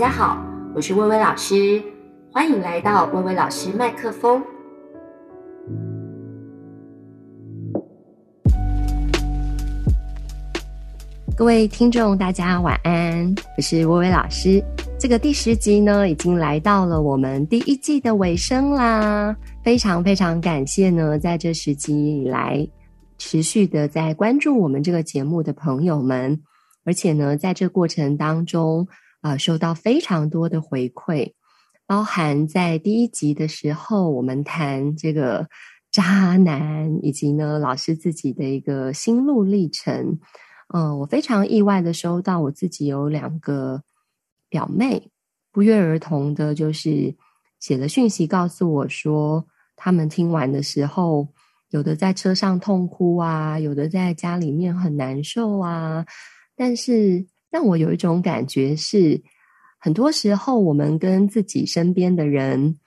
大家好，我是薇薇老師，歡迎來到薇薇老師麥克風。各位聽眾，大家晚安，我是薇薇老師。這個第十集呢，已經來到了我們第一季的尾聲啦，非常非常感謝呢，在這十集以來持續的在關注我們這個節目的朋友們，而且呢，在這過程當中。啊、呃，收到非常多的回饋，包含在第一集的時候，我們談這個渣男，以及呢老師自己的一個心路歷程。嗯、呃，我非常意外地收到，我自己有兩個表妹不約而同的，就是寫了訊息告訴我說，他們聽完的時候，有的在車上痛哭啊，有的在家裡面很難受啊，但是。讓我有一種感覺是，很多時候我們跟自己身邊的人，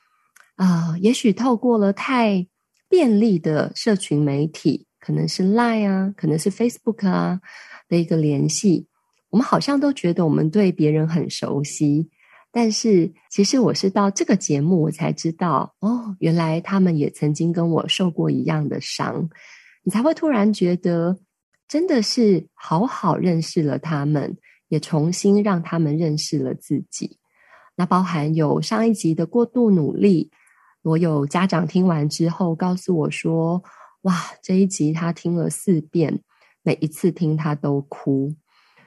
啊、呃，也許透過了太便利的社群媒體，可能是 Line 啊，可能是 Facebook 啊的一個聯繫，我們好像都覺得我們對別人很熟悉，但是其實我是到這個節目，我才知道哦，原來他們也曾經跟我受過一樣的傷，你才會突然覺得真的是好好認識了他們。也重新讓他們認識了自己，那包含有上一集的過度努力，我有家長聽完之後告訴我說：“哇，這一集他聽了四遍，每一次聽他都哭。”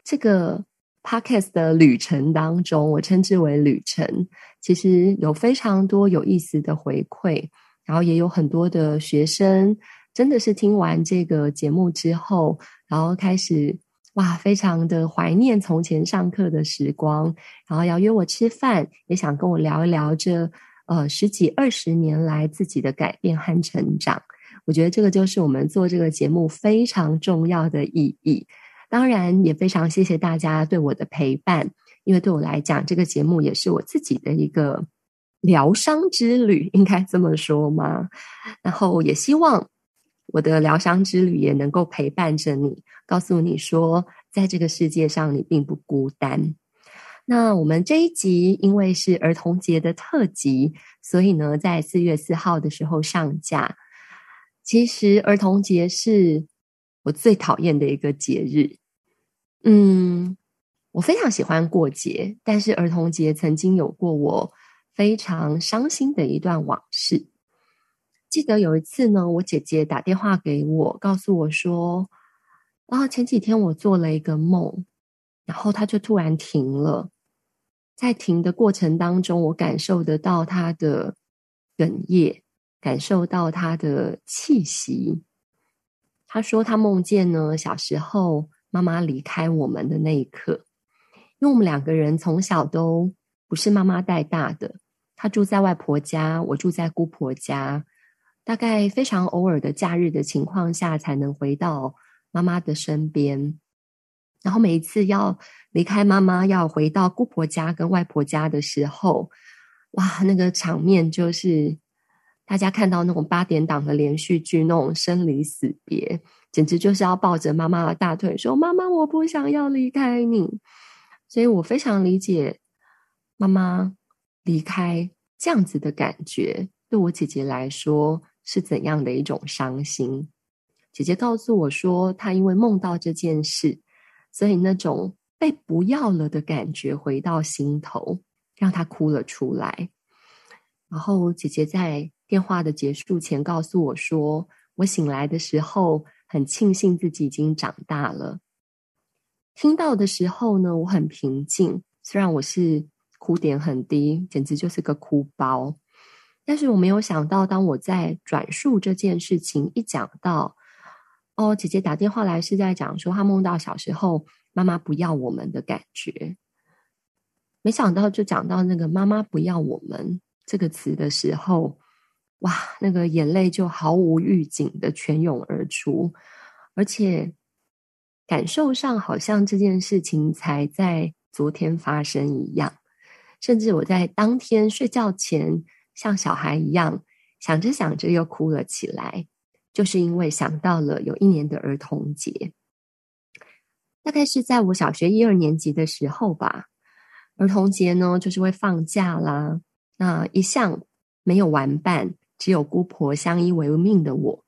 這個 podcast 的旅程當中，我稱之為旅程，其實有非常多有意思的回饋，然後也有很多的學生真的是聽完這個節目之後，然後開始。哇，非常的懷念從前上課的時光，然後要約我吃飯，也想跟我聊一聊這呃十幾二十年來自己的改變和成長。我覺得這個就是我們做這個節目非常重要的意義。當然，也非常謝謝大家對我的陪伴，因為對我來講，這個節目也是我自己的一個療傷之旅，應該這麼說嗎？然後也希望。我的療傷之旅也能夠陪伴着你，告訴你說，在這個世界上你並不孤單。那我們這一集因為是兒童節的特輯，所以呢，在四月四號的時候上架。其實兒童節是我最討厭的一個節日。嗯，我非常喜歡過節，但是兒童節曾經有過我非常傷心的一段往事。記得有一次呢，我姐姐打電話給我，告訴我說：“然後，啊，前幾天我做了一個夢，然後她就突然停了。在停的過程當中，我感受得到她的哽咽，感受到她的氣息。她說她夢見呢，小時候媽媽離開我們的那一刻，因為我們兩個人從小都不是媽媽帶大的，她住在外婆家，我住在姑婆家。”大概非常偶爾的假日的情況下，才能回到媽媽的身邊。然後每一次要離開媽媽，要回到姑婆家跟外婆家的時候，哇，那個場面就是大家看到那種八點檔的連續劇那種生離死別，簡直就是要抱着媽媽的大腿說：“媽媽，我不想要離開你。”所以，我非常理解媽媽離開這樣子的感覺。對我姐姐來說。是怎樣的一種傷心？姐姐告訴我說，她因為夢到這件事，所以那種被不要了的感覺回到心頭，讓她哭了出來。然後姐姐在電話的結束前告訴我說，我醒來的時候很慶幸自己已經長大了。聽到的時候呢，我很平靜，雖然我是哭點很低，簡直就是個哭包。但是我沒有想到，當我在轉述這件事情一講到，哦，姐姐打電話來是在講說她夢到小時候媽媽不要我們的感覺，沒想到就講到那個“媽媽不要我們”這個詞的時候，哇，那個眼淚就毫無預警的泉湧而出，而且感受上好像這件事情才在昨天發生一樣，甚至我在當天睡覺前。像小孩一樣想着想着又哭了起來，就是因為想到了有一年的兒童節，大概是在我小學一二年級的時候吧。兒童節呢，就是會放假啦。那一向沒有玩伴，只有姑婆相依為命的我，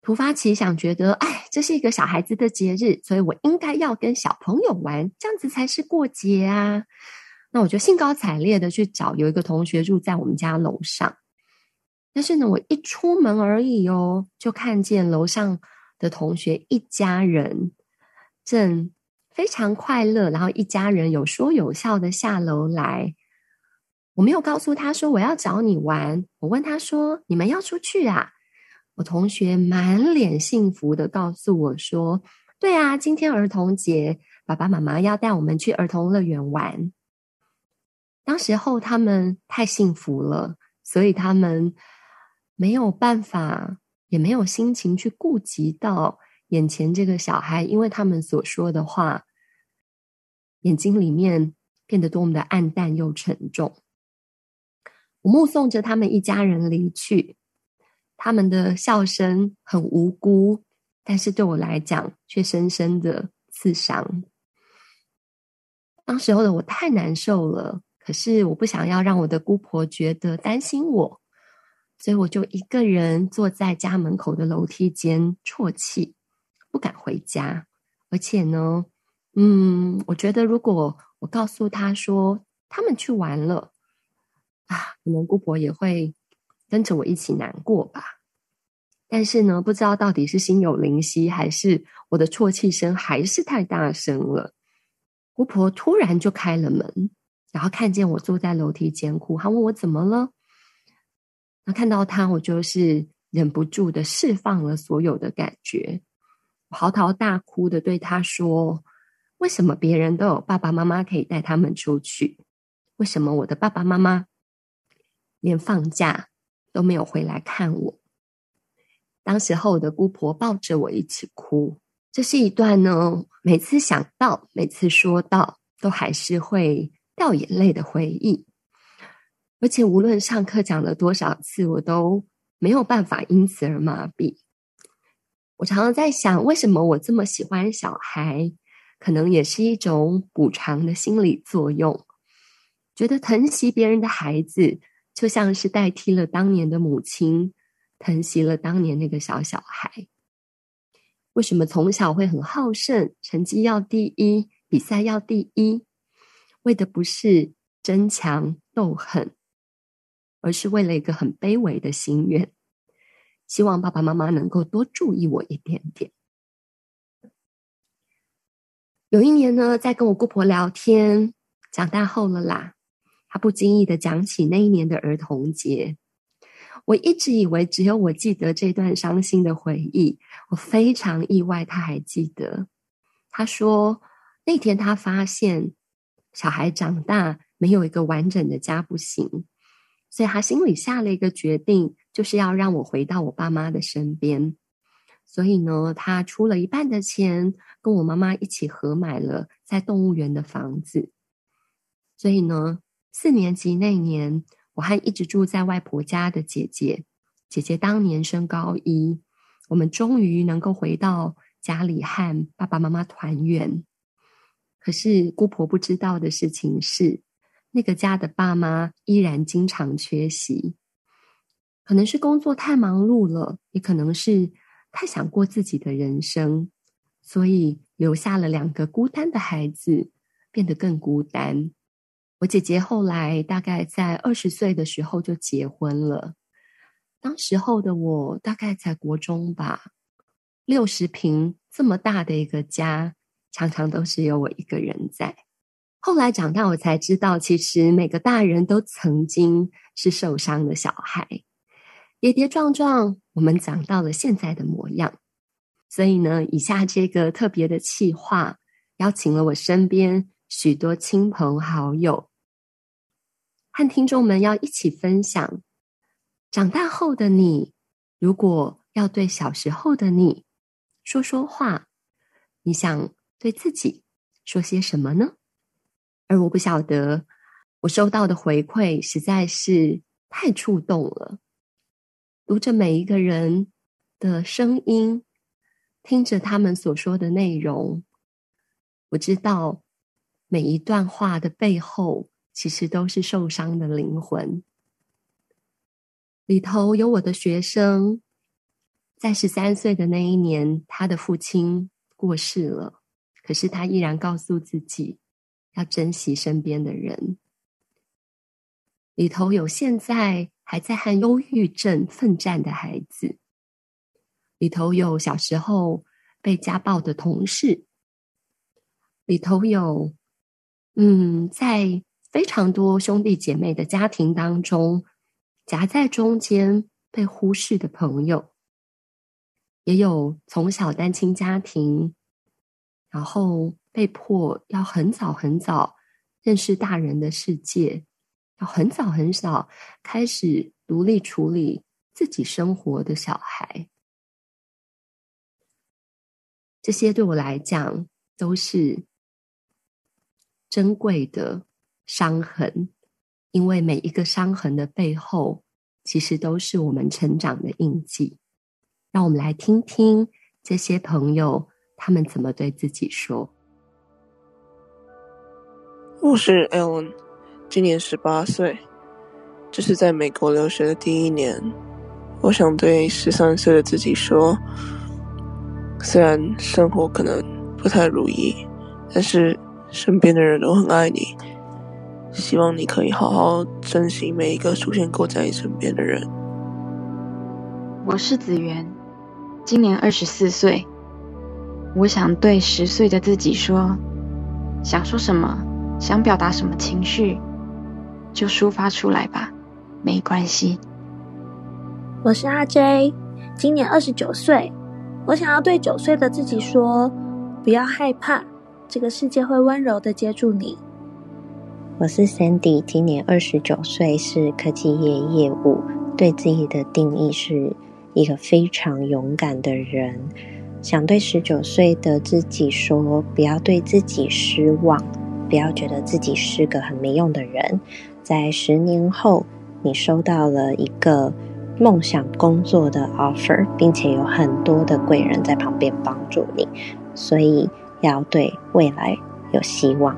突發奇想，覺得哎，這是一個小孩子的節日，所以我應該要跟小朋友玩，這樣子才是過節啊。那我就興高采烈的去找，有一個同學住在我們家樓上，但是呢，我一出門而已哦，就看見樓上的同學一家人正非常快樂，然後一家人有說有笑的下樓來。我沒有告訴他說我要找你玩，我問他說你們要出去啊？我同學滿臉幸福的告訴我說：“對啊，今天兒童節，爸爸媽媽要帶我們去兒童樂園玩。”當時候他們太幸福了，所以他們沒有辦法，也沒有心情去顧及到眼前這個小孩，因為他們所說的話，眼睛裡面變得多麼的黯淡、又沉重。我目送着他們一家人離去，他們的笑聲很無辜，但是對我來講卻深深的刺傷。當時候的我太難受了。可是我不想要讓我的姑婆覺得擔心我，所以我就一個人坐在家門口的樓梯間啜泣，不敢回家。而且呢，嗯，我覺得如果我告訴她說他們去玩了，啊，可能姑婆也會跟着我一起難過吧。但是呢，不知道到底是心有靈犀，還是我的啜泣聲還是太大聲了，姑婆突然就開了門。然後看見我坐在樓梯間哭，他問我怎麼了。那看到他，我就是忍不住的釋放了所有的感覺，我嚎啕大哭的對他說：“為什麼別人都有爸爸媽媽可以帶他們出去？為什麼我的爸爸媽媽連放假都沒有回來看我？”當時候我的姑婆抱着我一起哭。這是一段呢，每次想到，每次說到，都還是會。掉眼淚的回憶，而且無論上課講了多少次，我都沒有辦法因此而麻痹。我常常在想，為什麼我這麼喜歡小孩？可能也是一種補償的心理作用，覺得疼惜別人的孩子，就像是代替了當年的母親，疼惜了當年那個小小孩。為什麼從小會很好勝，成績要第一，比賽要第一？為的不是爭強鬥狠，而是為了一個很卑微的心願，希望爸爸媽媽能夠多注意我一點點。有一年呢，在跟我姑婆聊天，長大後了啦，她不經意的講起那一年的兒童節，我一直以為只有我記得這段傷心的回憶，我非常意外，她還記得。她說那天她發現。小孩長大沒有一個完整的家不行，所以他心裡下了一個決定，就是要讓我回到我爸媽的身邊。所以呢，他出了一半的錢，跟我媽媽一起合買了在動物園的房子。所以呢，四年級那年，我和一直住在外婆家的姐姐，姐姐當年升高一，我們終於能夠回到家裡和爸爸媽媽團圓。可是姑婆不知道的事情是，那個家的爸媽依然經常缺席，可能是工作太忙碌了，也可能是太想過自己的人生，所以留下了兩個孤單的孩子，變得更孤單。我姐姐後來大概在二十歲的時候就結婚了，當時候的我大概在國中吧，六十平這麼大的一個家，常常都是有我一個人在。後來長大，我才知道，其實每個大人都曾經是受傷的小孩，跌跌撞撞，我們長到了現在的模樣。所以呢，以下這個特別的企劃，邀請了我身邊許多親朋好友和聽眾們，要一起分享。長大後的你，如果要對小時候的你說說話，你想？對自己說些什麼呢？而我不曉得，我收到的回饋實在是太觸動了。讀着每一個人的聲音，聽着他們所說的內容，我知道每一段話的背後，其實都是受傷的靈魂。裡頭有我的學生，在十三歲的那一年，他的父親過世了。可是他依然告訴自己，要珍惜身邊的人。裡頭有現在還在和憂鬱症奮戰的孩子，裡頭有小時候被家暴的同事，裡頭有，嗯，在非常多兄弟姐妹的家庭當中，夾在中間被忽視的朋友，也有從小單親家庭。然後被迫要很早很早認識大人的世界，要很早很早開始獨立處理自己生活的小孩，這些對我來講都是珍貴的傷痕，因為每一個傷痕的背後，其實都是我們成長的印記。讓我們來聽聽這些朋友。他們怎麼對自己說？我是艾倫，今年十八歲，這是在美國留學的第一年。我想對十三歲的自己說：雖然生活可能不太如意，但是身邊的人都很愛你。希望你可以好好珍惜每一個出現過在你身邊的人。我是子源，今年二十四歲。我想對十歲的自己說，想說什麼，想表達什麼情緒，就抒發出來吧，沒關係。我是阿 J，今年二十九歲。我想要對九歲的自己說，不要害怕，這個世界會溫柔地接住你。我是 Sandy，今年二十九歲，是科技業業務，對自己的定義是一個非常勇敢的人。想對十九歲的自己說：不要對自己失望，不要覺得自己是個很沒用的人。在十年後，你收到了一個夢想工作的 offer，並且有很多的貴人在旁邊幫助你，所以要對未來有希望。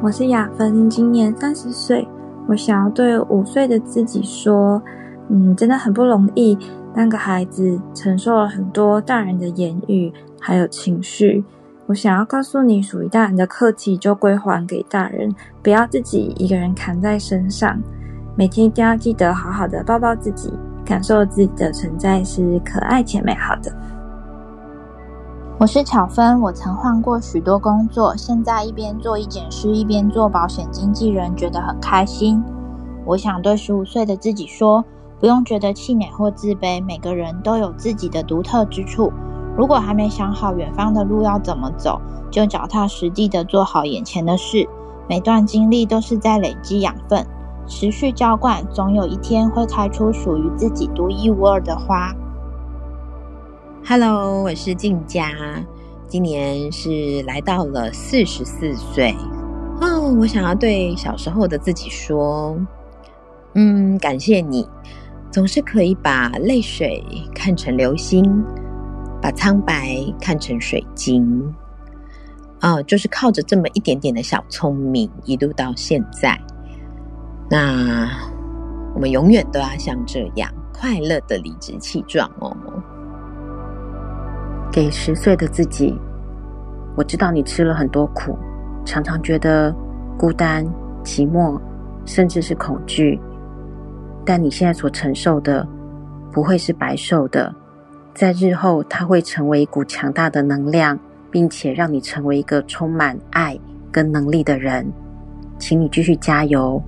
我是雅芬，今年三十歲，我想要對五歲的自己說：嗯，真的很不容易。三個孩子承受了很多大人的言語，還有情緒。我想要告訴你，屬於大人的課題就歸還給大人，不要自己一個人扛在身上。每天一定要記得好好的抱抱自己，感受自己的存在是可愛且美好的。我是巧芬，我曾換過許多工作，現在一邊做醫檢師，一邊做保險經紀人，覺得很開心。我想對十五歲的自己說。不用覺得氣餒或自卑，每個人都有自己的獨特之處。如果還沒想好遠方的路要怎麼走，就腳踏實地的做好眼前的事。每段經歷都是在累積養分，持續澆灌，總有一天會開出屬於自己獨一無二的花。Hello，我是靜佳，今年是來到了四十四歲。哦，Oh，我想要對小時候的自己說，嗯，感謝你。總是可以把淚水看成流星，把蒼白看成水晶，哦，就是靠着這麼一點點的小聰明，一路到現在。那我們永遠都要像這樣快樂的理直氣壯哦。給十歲的自己，我知道你吃了很多苦，常常覺得孤單、寂寞，甚至是恐懼。但你現在所承受的不會是白受的，在日後它會成為一股強大的能量，並且讓你成為一個充滿愛跟能力的人，請你繼續加油！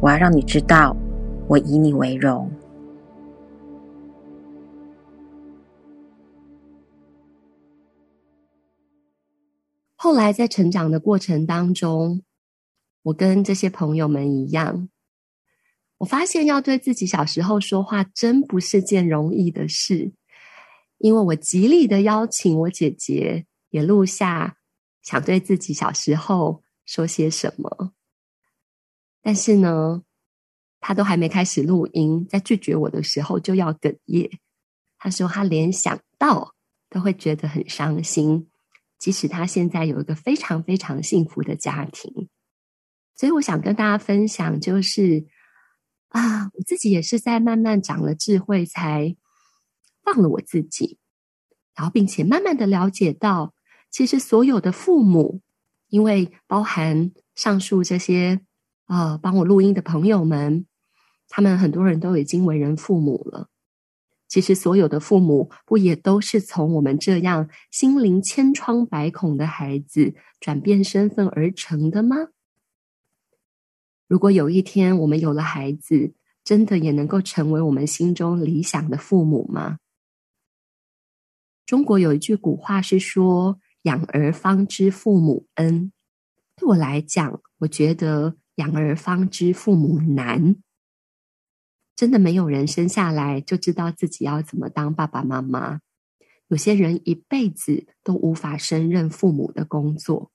我要讓你知道，我以你為榮。後來在成長的過程當中，我跟這些朋友們一樣。我發現要對自己小時候說話真不是件容易的事，因為我極力的邀請我姐姐也錄下，想對自己小時候說些什麼，但是呢，她都還沒開始錄音，在拒絕我的時候就要哽咽。她說她連想到都會覺得很傷心，即使她現在有一個非常非常幸福的家庭。所以我想跟大家分享就是。啊，我自己也是在慢慢長了智慧，才放了我自己，然後並且慢慢的了解到，其實所有的父母，因為包含上述這些啊、呃，幫我錄音的朋友們，他們很多人都已經為人父母了。其實所有的父母，不也都是從我們這樣心靈千瘡百孔的孩子轉變身份而成的嗎？如果有一天我們有了孩子，真的也能夠成為我們心中理想的父母嗎？中國有一句古話是說“養兒方知父母恩”，對我來講，我覺得“養兒方知父母難”。真的沒有人生下來就知道自己要怎麼當爸爸媽媽。有些人一輩子都無法勝任父母的工作。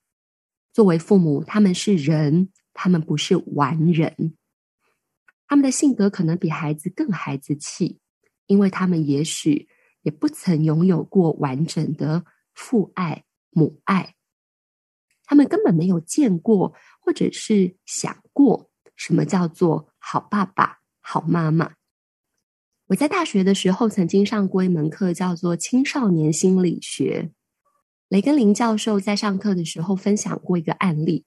作為父母，他們是人。他們不是完人，他們的性格可能比孩子更孩子氣，因為他們也許也不曾擁有過完整的父愛母愛，他們根本沒有見過或者是想過什麼叫做好爸爸、好媽媽。我在大學的時候曾經上過一門課，叫做《青少年心理學》。雷根林教授在上課的時候分享過一個案例。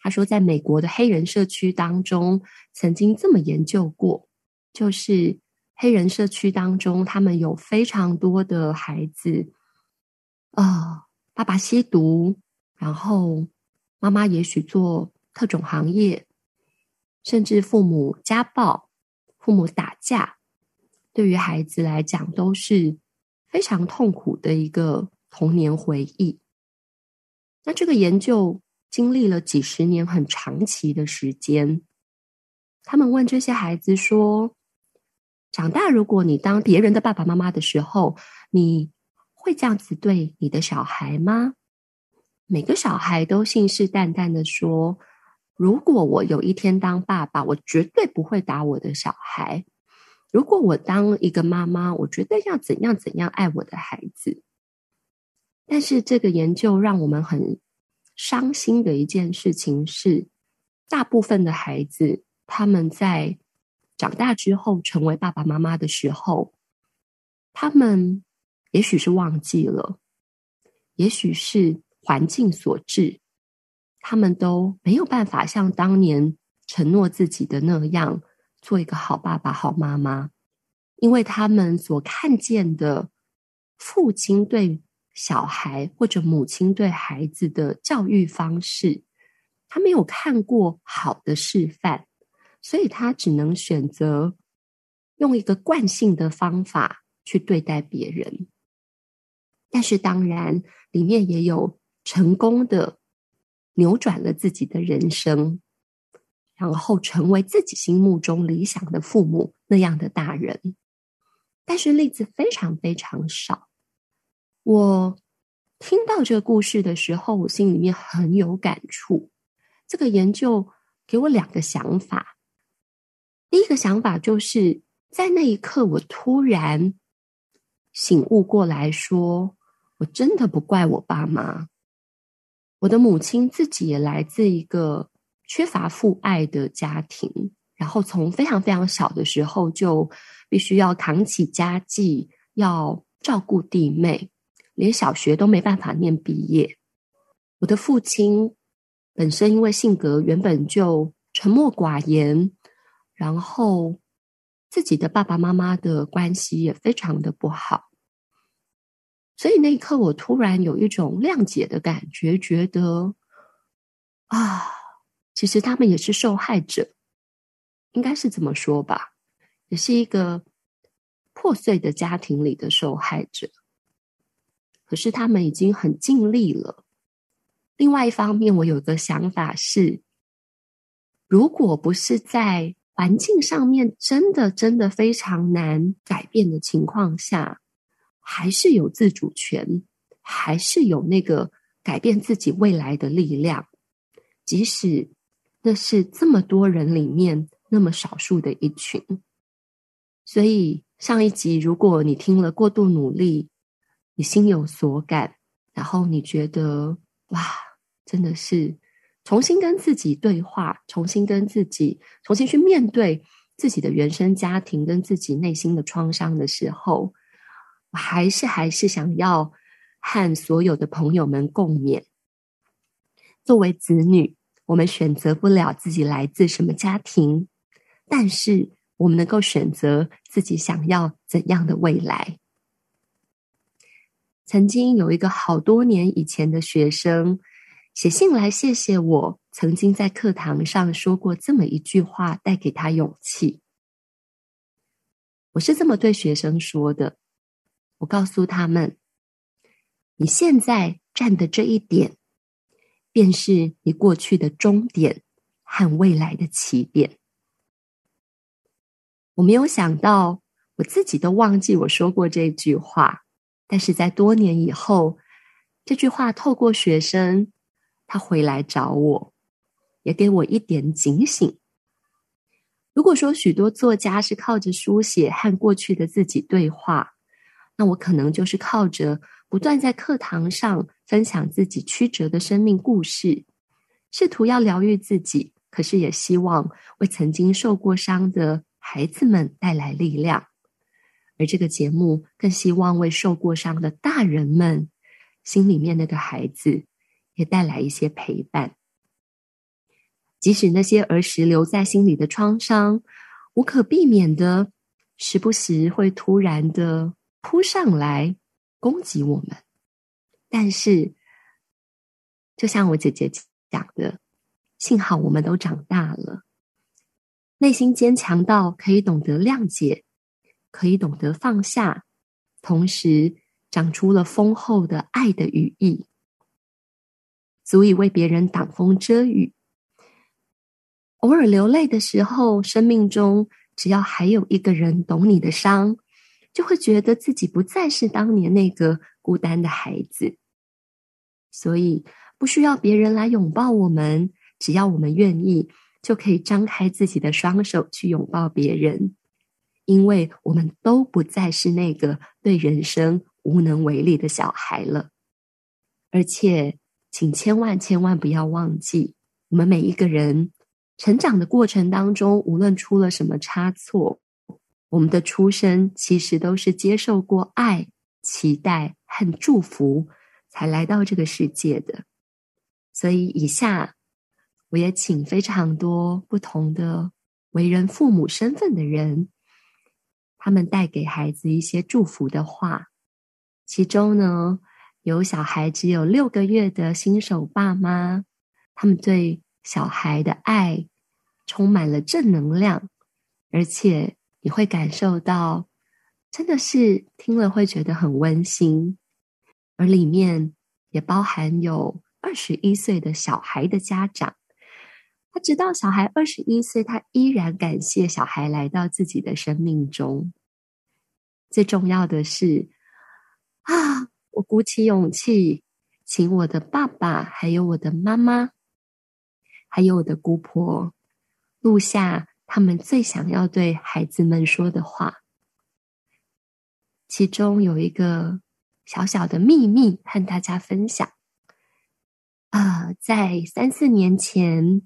他說，在美國的黑人社區當中，曾經這麼研究過，就是黑人社區當中，他們有非常多的孩子，啊、呃，爸爸吸毒，然後媽媽也許做特種行業，甚至父母家暴、父母打架，對於孩子來講都是非常痛苦的一個童年回憶。那這個研究，經歷了幾十年很長期的時間，他們問這些孩子說：“長大，如果你當別人的爸爸媽媽的時候，你會這樣子對你的小孩嗎？”每個小孩都信誓旦旦的說：“如果我有一天當爸爸，我絕對不會打我的小孩；如果我當一個媽媽，我絕對要怎樣怎樣愛我的孩子。”但是這個研究讓我們很傷心的一件事情是，大部分的孩子他們在長大之後成為爸爸媽媽的時候，他們也許是忘記了，也許是環境所致，他們都沒有辦法像當年承諾自己的那樣做一個好爸爸、好媽媽，因為他們所看見的父親對於小孩或者母親對孩子的教育方式，他沒有看過好的示範，所以他只能選擇用一個慣性的方法去對待別人。但是當然，裡面也有成功的扭轉了自己的人生，然後成為自己心目中理想的父母那樣的大人，但是例子非常非常少。我聽到這個故事的時候，我心裡面很有感觸。這個研究給我兩個想法。第一個想法就是在那一刻，我突然醒悟過來說，我真的不怪我爸媽。我的母親自己也來自一個缺乏父愛的家庭，然後從非常非常小的時候就必須要扛起家計，要照顧弟妹。連小學都沒辦法念畢業。我的父親本身因為性格原本就沉默寡言，然後自己的爸爸媽媽的關係也非常的不好，所以那一刻我突然有一種諒解的感覺，覺得啊，其實他們也是受害者，應該是這麼說吧，也是一個破碎的家庭裡的受害者。可是他們已經很盡力了。另外一方面，我有個想法是：如果不是在環境上面真的真的非常難改變的情況下，還是有自主權，還是有那個改變自己未來的力量，即使那是這麼多人裡面那麼少數的一群。所以上一集如果你聽了過度努力，你心有所感，然後你覺得哇，真的是重新跟自己對話，重新跟自己，重新去面對自己的原生家庭跟自己內心的創傷的時候，我還是還是想要和所有的朋友們共勉。作為子女，我們選擇不了自己來自什麼家庭，但是我們能夠選擇自己想要怎樣的未來。曾經有一個好多年以前的學生寫信來謝謝我，曾經在課堂上說過這麼一句話，帶給他勇氣。我是這麼對學生說的，我告訴他們，你現在站的這一點，便是你過去的終點和未來的起點。我沒有想到，我自己都忘記我說過這一句話。但是在多年以後，這句話透過學生，他回來找我，也給我一點警醒。如果說許多作家是靠着書寫和過去的自己對話，那我可能就是靠着不斷在課堂上分享自己曲折的生命故事，試圖要療癒自己，可是也希望為曾經受過傷的孩子們帶來力量。而這個節目更希望為受過傷的大人們，心裡面那個孩子，也帶來一些陪伴。即使那些兒時留在心裡的創傷，無可避免的，時不時會突然的撲上來攻擊我們。但是，就像我姐姐講的，幸好我們都長大了，內心堅強到可以懂得諒解。可以懂得放下，同時長出了豐厚的愛的羽翼，足以為別人擋風遮雨。偶爾流淚的時候，生命中只要還有一個人懂你的傷，就會覺得自己不再是當年那個孤單的孩子。所以，不需要別人來擁抱我們，只要我們願意，就可以張開自己的雙手去擁抱別人。因為我們都不再是那個對人生無能為力的小孩了，而且，請千萬千萬不要忘記，我們每一個人成長的過程當中，無論出了什麼差錯，我們的出生其實都是接受過愛、期待和祝福才來到這個世界的。所以，以下我也請非常多不同的為人父母身份的人，他們帶給孩子一些祝福的話，其中呢，有小孩只有六個月的新手爸媽，他們對小孩的愛充滿了正能量，而且你會感受到，真的是聽了會覺得很溫馨，而裡面也包含有二十一歲的小孩的家長。他直到小孩二十一歲，他依然感謝小孩來到自己的生命中。最重要的是啊，我鼓起勇氣，請我的爸爸、還有我的媽媽，還有我的姑婆，錄下他們最想要對孩子們說的話。其中有一個小小的秘密，和大家分享。啊、呃，在三四年前。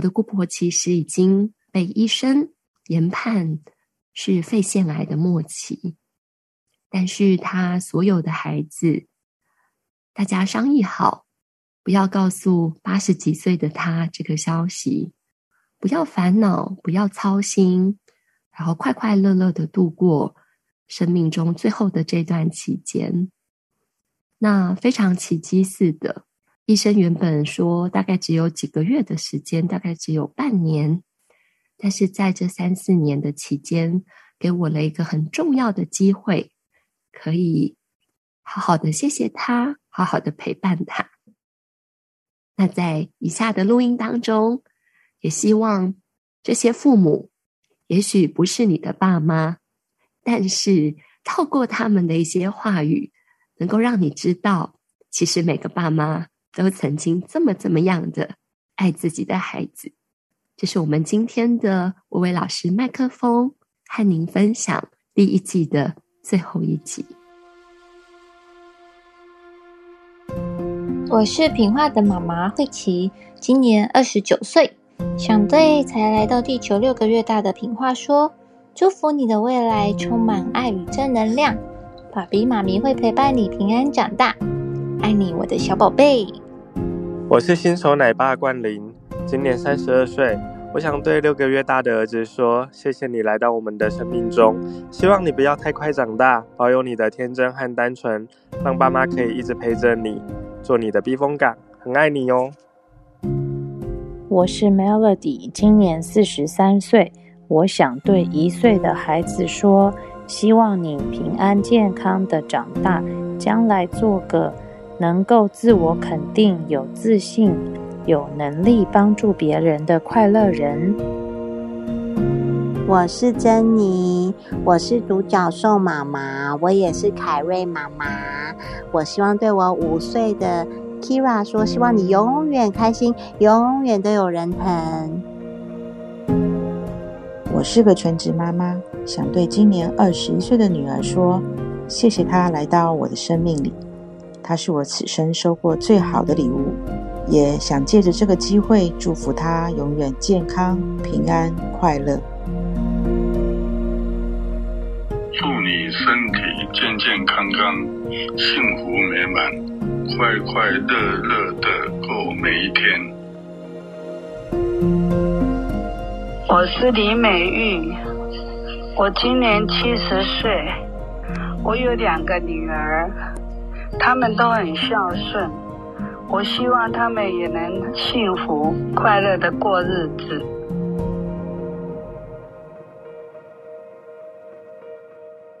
我的姑婆其實已經被醫生研判是肺腺癌的末期，但是她所有的孩子，大家商議好，不要告訴八十幾歲的她這個消息，不要煩惱，不要操心，然後快快樂樂的度過生命中最後的這段期間。那非常奇蹟似的。醫生原本說大概只有幾個月的時間，大概只有半年，但是在這三四年的期間，給我了一個很重要的機會，可以好好的謝謝他，好好的陪伴他。那在以下的錄音當中，也希望這些父母，也許不是你的爸媽，但是透過他們的一些話語，能夠讓你知道，其實每個爸媽。都曾經這麼怎麼樣的愛自己的孩子，這是我們今天的薇薇老師麥克風和您分享第一季的最後一集。我是品畫的媽媽慧琪，今年二十九歲，想對才來到地球六個月大的品畫說：祝福你的未來充滿愛與正能量，爸比媽咪會陪伴你平安長大。愛你，我的小寶貝。我是新手奶爸冠霖，今年三十二歲。我想對六個月大的兒子說：謝謝你來到我們的生命中，希望你不要太快長大，保有你的天真和單純，讓爸媽可以一直陪着你，做你的避風港。很愛你喲。我是 Melody，今年四十三歲。我想對一歲的孩子說：希望你平安健康的長大，將來做個。能夠自我肯定、有自信、有能力幫助別人的快樂人。我是珍妮，我是獨角獸媽媽，我也是凱瑞媽媽。我希望對我五歲的 Kira 說：希望你永遠開心，永遠都有人疼。我是個全職媽媽，想對今年二十一歲的女兒說：謝謝她來到我的生命裡。他是我此生收過最好的禮物，也想借着這個機會祝福他永遠健康、平安、快樂。祝你身體健健康康，幸福美滿，快快樂樂的過每一天。我是李美玉，我今年七十歲，我有兩個女兒。他們都很孝順，我希望他們也能幸福快樂地過日子。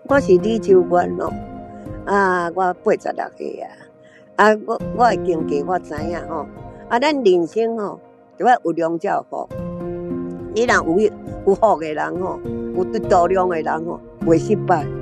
我是李秋元咯、哦，啊，我八十六歲了呀，啊，我我的經歷我知影吼、哦，啊，咱人生吼就要有量就好，你若有有好嘅人吼，有得、哦、大量嘅人吼、哦，袂失敗。